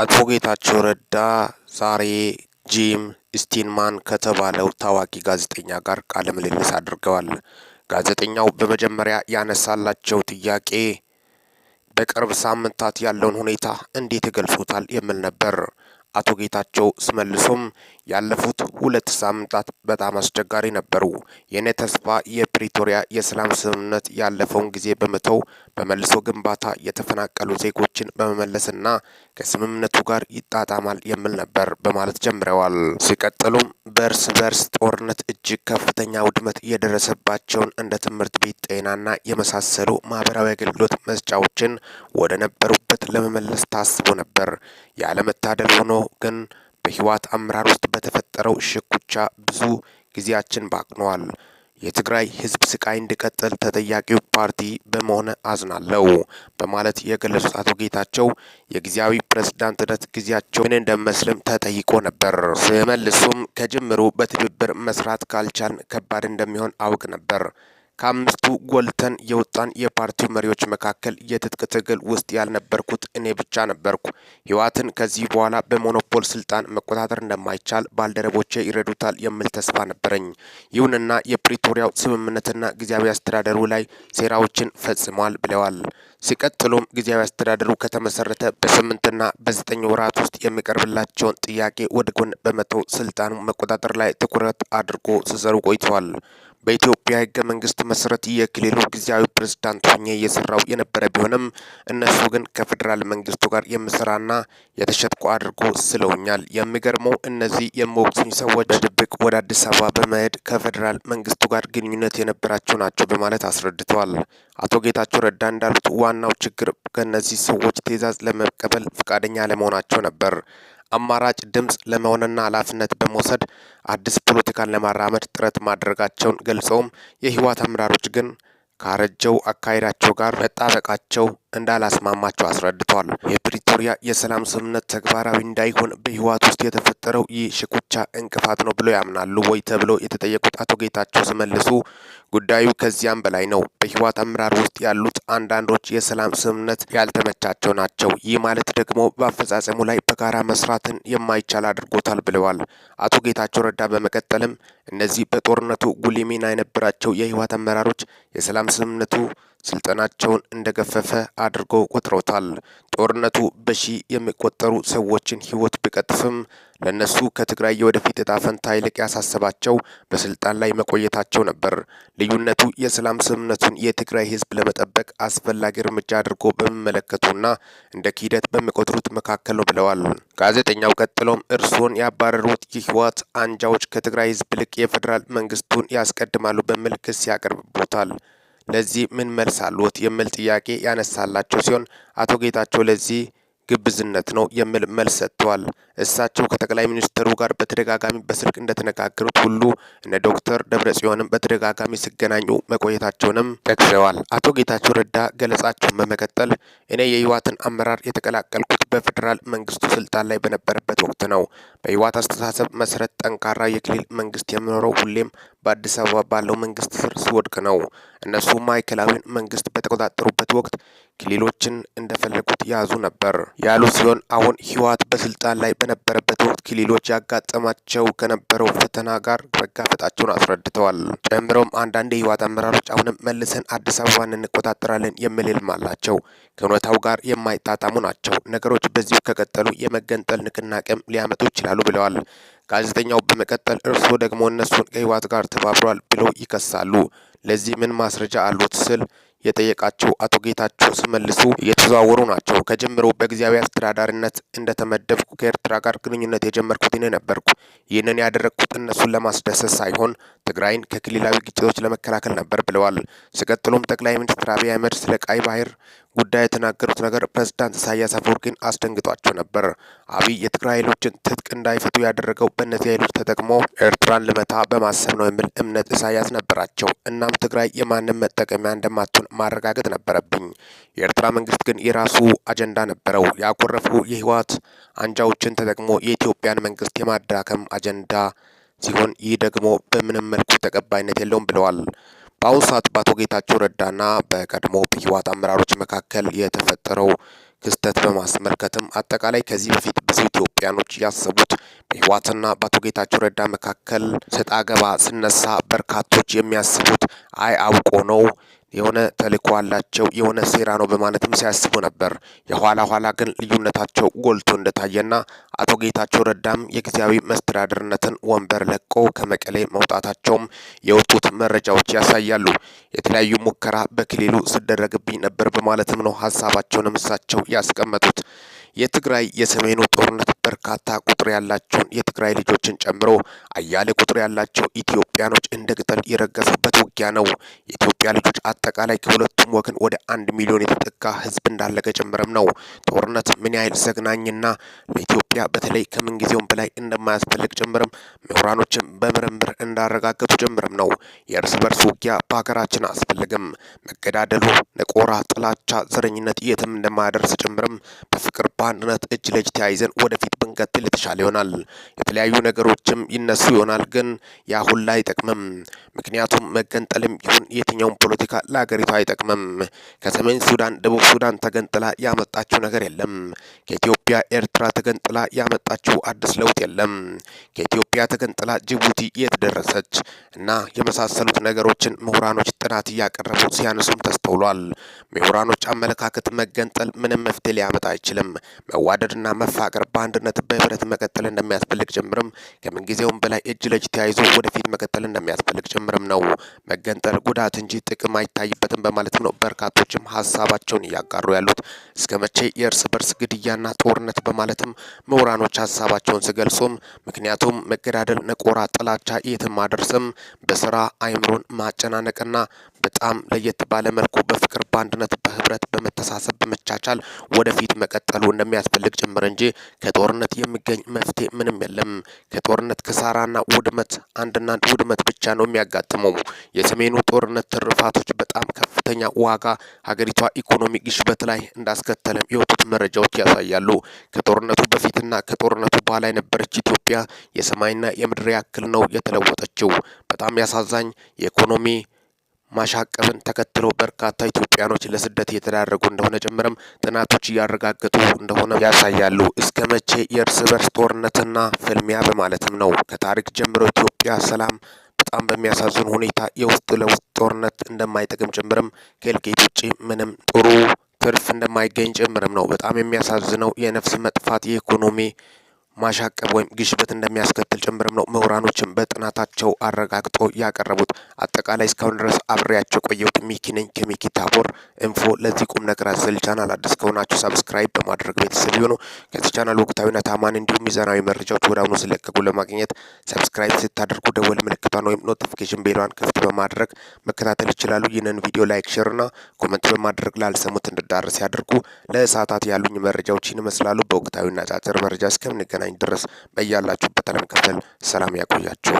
አቶ ጌታቸው ረዳ ዛሬ ጂም ስቲንማን ከተባለው ታዋቂ ጋዜጠኛ ጋር ቃለ ምልልስ አድርገዋል። ጋዜጠኛው በመጀመሪያ ያነሳላቸው ጥያቄ በቅርብ ሳምንታት ያለውን ሁኔታ እንዴት ይገልጹታል የሚል ነበር። አቶ ጌታቸው ስመልሱም ያለፉት ሁለት ሳምንታት በጣም አስቸጋሪ ነበሩ። የእኔ ተስፋ የፕሪቶሪያ የሰላም ስምምነት ያለፈውን ጊዜ በመተው በመልሶ ግንባታ የተፈናቀሉ ዜጎችን በመመለስና ከስምምነቱ ጋር ይጣጣማል የሚል ነበር በማለት ጀምረዋል። ሲቀጥሉም በእርስ በርስ ጦርነት እጅግ ከፍተኛ ውድመት የደረሰባቸውን እንደ ትምህርት ቤት፣ ጤናና የመሳሰሉ ማህበራዊ አገልግሎት መስጫዎችን ወደ ነበሩበት ለመመለስ ታስቦ ነበር። ያለመታደል ሆኖ ግን በህወሓት አመራር ውስጥ በተፈጠረው ሽኩቻ ብዙ ጊዜያችን ባክኗል። የትግራይ ህዝብ ስቃይ እንዲቀጥል ተጠያቂው ፓርቲ በመሆነ አዝናለው በማለት የገለጹት አቶ ጌታቸው የጊዜያዊ ፕሬዝዳንትነት ጊዜያቸው ምን እንደሚመስልም ተጠይቆ ነበር። ሲመልሱም ከጅምሩ በትብብር መስራት ካልቻልን ከባድ እንደሚሆን አውቅ ነበር ከአምስቱ ጎልተን የወጣን የፓርቲው መሪዎች መካከል የትጥቅ ትግል ውስጥ ያልነበርኩት እኔ ብቻ ነበርኩ። ህወሓትን ከዚህ በኋላ በሞኖፖል ስልጣን መቆጣጠር እንደማይቻል ባልደረቦቼ ይረዱታል የሚል ተስፋ ነበረኝ። ይሁንና የፕሪቶሪያው ስምምነትና ጊዜያዊ አስተዳደሩ ላይ ሴራዎችን ፈጽሟል ብለዋል። ሲቀጥሉም ጊዜያዊ አስተዳደሩ ከተመሰረተ በስምንትና በዘጠኝ ወራት ውስጥ የሚቀርብላቸውን ጥያቄ ወደ ጎን በመተው ስልጣኑ መቆጣጠር ላይ ትኩረት አድርጎ ሲሰሩ ቆይተዋል። በኢትዮጵያ ህገ መንግስት መሰረት የክልሉ ጊዜያዊ ፕሬዝዳንት ሆኜ እየሰራው የነበረ ቢሆንም እነሱ ግን ከፌዴራል መንግስቱ ጋር የምሰራና የተሸጥቆ አድርጎ ስለውኛል። የሚገርመው እነዚህ የሚወቅሱኝ ሰዎች በድብቅ ወደ አዲስ አበባ በመሄድ ከፌዴራል መንግስቱ ጋር ግንኙነት የነበራቸው ናቸው በማለት አስረድተዋል። አቶ ጌታቸው ረዳ እንዳሉት ዋናው ችግር ከእነዚህ ሰዎች ትዕዛዝ ለመቀበል ፈቃደኛ ለመሆናቸው ነበር። አማራጭ ድምፅ ለመሆንና ኃላፊነት በመውሰድ አዲስ ፖለቲካን ለማራመድ ጥረት ማድረጋቸውን ገልጸውም የህወሓት አመራሮች ግን ካረጀው አካሄዳቸው ጋር መጣበቃቸው እንዳላስማማቸው አስረድቷል። የፕሪቶሪያ የሰላም ስምምነት ተግባራዊ እንዳይሆን በህወሓት ውስጥ የተፈጠረው ይህ ሽኩቻ እንቅፋት ነው ብለው ያምናሉ ወይ ተብሎ የተጠየቁት አቶ ጌታቸው ሲመልሱ ጉዳዩ ከዚያም በላይ ነው። በህወሓት አመራር ውስጥ ያሉት አንዳንዶች የሰላም ስምምነት ያልተመቻቸው ናቸው። ይህ ማለት ደግሞ በአፈጻጸሙ ላይ በጋራ መስራትን የማይቻል አድርጎታል ብለዋል። አቶ ጌታቸው ረዳ በመቀጠልም እነዚህ በጦርነቱ ጉልህ ሚና የነበራቸው የህወሓት አመራሮች የሰላም ስምምነቱ ስልጣናቸውን እንደገፈፈ አድርገው ቆጥረውታል። ጦርነቱ በሺ የሚቆጠሩ ሰዎችን ህይወት ቢቀጥፍም ለነሱ ከትግራይ የወደፊት እጣ ፈንታ ይልቅ ያሳሰባቸው በስልጣን ላይ መቆየታቸው ነበር። ልዩነቱ የሰላም ስምምነቱን የትግራይ ህዝብ ለመጠበቅ አስፈላጊ እርምጃ አድርጎ በሚመለከቱና እንደ ክህደት በሚቆጥሩት መካከል ነው ብለዋል። ጋዜጠኛው ቀጥሎም እርስዎን ያባረሩት ይህ ህወሓት አንጃዎች ከትግራይ ህዝብ ይልቅ የፌዴራል መንግስቱን ያስቀድማሉ በሚል ክስ ያቀርብቦታል። ለዚህ ምን መልስ አሉት የሚል ጥያቄ ያነሳላቸው ሲሆን አቶ ጌታቸው ለዚህ ግብዝነት ነው የሚል መልስ ሰጥተዋል። እሳቸው ከጠቅላይ ሚኒስትሩ ጋር በተደጋጋሚ በስልክ እንደተነጋገሩት ሁሉ እነ ዶክተር ደብረ ጽዮንም በተደጋጋሚ ሲገናኙ መቆየታቸውንም ጠቅሰዋል። አቶ ጌታቸው ረዳ ገለጻቸውን በመቀጠል እኔ የህወሓትን አመራር የተቀላቀልኩት በፌዴራል መንግስቱ ስልጣን ላይ በነበረበት ወቅት ነው። በህወሓት አስተሳሰብ መሰረት ጠንካራ የክልል መንግስት የሚኖረው ሁሌም በአዲስ አበባ ባለው መንግስት ስር ሲወድቅ ነው። እነሱ ማዕከላዊን መንግስት በተቆጣጠሩበት ወቅት ክልሎችን እንደፈለጉት ያዙ ነበር ያሉ ሲሆን አሁን ህወሓት በስልጣን ላይ በነበረበት ወቅት ክልሎች ያጋጠማቸው ከነበረው ፈተና ጋር መጋፈጣቸውን አስረድተዋል። ጨምሮም አንዳንድ የህወሓት አመራሮች አሁንም መልሰን አዲስ አበባን እንቆጣጠራለን የሚል ህልም አላቸው፣ ከእውነታው ጋር የማይጣጣሙ ናቸው። ነገሮች በዚሁ ከቀጠሉ የመገንጠል ንቅናቄም ሊያመጡ ይችላሉ ብለዋል። ጋዜጠኛው በመቀጠል እርስዎ ደግሞ እነሱን ከህወሓት ጋር ተባብሯል ብለው ይከሳሉ። ለዚህ ምን ማስረጃ አሉት ስል የጠየቃቸው አቶ ጌታቸው ሲመልሱ እየተዘዋወሩ ናቸው። ከጀምሮ በጊዜያዊ አስተዳዳሪነት እንደተመደብኩ ከኤርትራ ጋር ግንኙነት የጀመርኩት እኔ ነበርኩ። ይህንን ያደረግኩት እነሱን ለማስደሰት ሳይሆን ትግራይን ከክልላዊ ግጭቶች ለመከላከል ነበር ብለዋል። ሲቀጥሉም ጠቅላይ ሚኒስትር አብይ አህመድ ስለ ቀይ ባህር ጉዳይ የተናገሩት ነገር ፕሬዝዳንት ኢሳያስ አፈወርቂን አስደንግጧቸው ነበር። አብይ የትግራይ ኃይሎችን ትጥቅ እንዳይፈቱ ያደረገው በእነዚህ ኃይሎች ተጠቅሞ ኤርትራን ልመታ በማሰብ ነው የሚል እምነት ኢሳያስ ነበራቸው እና ሰላም ትግራይ የማንም መጠቀሚያ እንደማትሆን ማረጋገጥ ነበረብኝ። የኤርትራ መንግስት ግን የራሱ አጀንዳ ነበረው። ያኮረፉ የህወሓት አንጃዎችን ተጠቅሞ የኢትዮጵያን መንግስት የማዳከም አጀንዳ ሲሆን ይህ ደግሞ በምንም መልኩ ተቀባይነት የለውም ብለዋል። በአሁኑ ሰዓት በአቶ ጌታቸው ረዳና በቀድሞ በህወሓት አመራሮች መካከል የተፈጠረው ክስተት በማስመልከትም አጠቃላይ ከዚህ በፊት ብዙ ኢትዮጵያኖች ያሰቡት በህወሓትና በአቶ ጌታቸው ረዳ መካከል ሰጣ ገባ ስነሳ በርካቶች የሚያስቡት አይ አውቆ ነው የሆነ ተልዕኮ አላቸው የሆነ ሴራ ነው በማለትም ሲያስቡ ነበር። የኋላ ኋላ ግን ልዩነታቸው ጎልቶ እንደታየና አቶ ጌታቸው ረዳም የጊዜያዊ መስተዳድርነትን ወንበር ለቆ ከመቀሌ መውጣታቸውም የወጡት መረጃዎች ያሳያሉ። የተለያዩ ሙከራ በክልሉ ስደረግብኝ ነበር በማለትም ነው ሀሳባቸውንም እሳቸው ያስቀመጡት። የትግራይ የሰሜኑ ጦርነት በርካታ ቁጥር ያላቸውን የትግራይ ልጆችን ጨምሮ አያሌ ቁጥር ያላቸው ኢትዮጵያኖች እንደ ቅጠል የረገፉበት ውጊያ ነው። የኢትዮጵያ ልጆች አጠቃላይ ከሁለቱም ወገን ወደ አንድ ሚሊዮን የተጠጋ ህዝብ እንዳለቀ ጭምርም ነው። ጦርነት ምን ያህል ዘግናኝና ለኢትዮጵያ በተለይ ከምንጊዜውም በላይ እንደማያስፈልግ ጭምርም ምሁራኖችን በምርምር እንዳረጋገጡ ጭምርም ነው። የእርስ በርስ ውጊያ በሀገራችን አያስፈልግም። መገዳደሉ፣ ነቆራ፣ ጥላቻ፣ ዘረኝነት የትም እንደማያደርስ ጭምርም በፍቅር በአንድነት እጅ ለእጅ ተያይዘን ወደፊት ብንቀጥል የተሻለ ይሆናል። የተለያዩ ነገሮችም ይነሱ ይሆናል፣ ግን የአሁን ላይ አይጠቅምም። ምክንያቱም መገንጠልም ይሁን የትኛውም ፖለቲካ ለሀገሪቷ አይጠቅምም። ከሰሜን ሱዳን ደቡብ ሱዳን ተገንጥላ ያመጣችው ነገር የለም። ከኢትዮጵያ ኤርትራ ተገንጥላ ያመጣችው አዲስ ለውጥ የለም። ከኢትዮጵያ ተገንጥላ ጅቡቲ የተደረሰች እና የመሳሰሉት ነገሮችን ምሁራኖች ጥናት እያቀረቡ ሲያነሱም ተስተውሏል። ምሁራኖች አመለካከት መገንጠል ምንም መፍትሄ ሊያመጣ አይችልም። መዋደድና መፋቀር በአንድነት በህብረት መቀጠል እንደሚያስፈልግ ጭምርም ከምንጊዜውም በላይ እጅ ለእጅ ተያይዞ ወደፊት መቀጠል እንደሚያስፈልግ ጭምርም ነው። መገንጠል ጉዳት እንጂ ጥቅም አይታይበትም በማለትም ነው በርካቶችም ሀሳባቸውን እያጋሩ ያሉት። እስከ መቼ የእርስ በርስ ግድያና ጦርነት በማለትም ምሁራኖች ሀሳባቸውን ሲገልጹም፣ ምክንያቱም መገዳደል፣ ነቆራ፣ ጥላቻ የትም አደርስም በስራ አይምሮን ማጨናነቅና በጣም ለየት ባለ መልኩ በፍቅር በአንድነት በህብረት በመተሳሰብ በመቻቻል ወደፊት መቀጠሉ እንደሚያስፈልግ ጭምር እንጂ ከጦርነት የሚገኝ መፍትሄ ምንም የለም። ከጦርነት ክሳራና ውድመት አንድና አንድ ውድመት ብቻ ነው የሚያጋጥመው። የሰሜኑ ጦርነት ትርፋቶች በጣም ከፍተኛ ዋጋ ሀገሪቷ ኢኮኖሚ ግሽበት ላይ እንዳስከተለም የወጡት መረጃዎች ያሳያሉ። ከጦርነቱ በፊትና ከጦርነቱ በኋላ የነበረች ኢትዮጵያ የሰማይና የምድር ያክል ነው የተለወጠችው። በጣም ያሳዛኝ የኢኮኖሚ ማሻቀብን ተከትሎ በርካታ ኢትዮጵያኖች ለስደት እየተዳረጉ እንደሆነ ጭምርም ጥናቶች እያረጋገጡ እንደሆነ ያሳያሉ። እስከ መቼ የእርስ በርስ ጦርነትና ፍልሚያ በማለትም ነው ከታሪክ ጀምሮ ኢትዮጵያ ሰላም በጣም በሚያሳዝን ሁኔታ የውስጥ ለውስጥ ጦርነት እንደማይጠቅም ጭምርም ከእልቂት ውጭ ምንም ጥሩ ትርፍ እንደማይገኝ ጭምርም ነው። በጣም የሚያሳዝነው የነፍስ መጥፋት የኢኮኖሚ ማሻቀብ ወይም ግሽበት እንደሚያስከትል ጭምርም ነው ምሁራኖችን በጥናታቸው አረጋግጦ ያቀረቡት። አጠቃላይ እስካሁን ድረስ አብሬያቸው ቆየሁት ሚኪ ነኝ ከሚኪ ታቦር ኢንፎ። ለዚህ ቁም ነገር አዘል ቻናል አዲስ ከሆናችሁ ሰብስክራይብ በማድረግ ቤተሰብ ይሁኑ። ከዚህ ቻናል ወቅታዊና ታማኝ እንዲሁም ሚዛናዊ መረጃዎች ወደ አሁኑ ሲለቀቁ ለማግኘት ሰብስክራይብ ስታደርጉ ደወል ምልክቷን ወይም ኖቲፊኬሽን ቤሏን ክፍት በማድረግ መከታተል ይችላሉ። ይህንን ቪዲዮ ላይክ፣ ሼር ና ኮመንት በማድረግ ላልሰሙት እንድዳረስ ያድርጉ። ለእሳታት ያሉኝ መረጃዎች ይመስላሉ። በወቅታዊና ጫጭር መረጃ እስከምንገናኝ እስክንገናኝ ድረስ በያላችሁበት ዓለም ክፍል ሰላም ያቆያችሁ።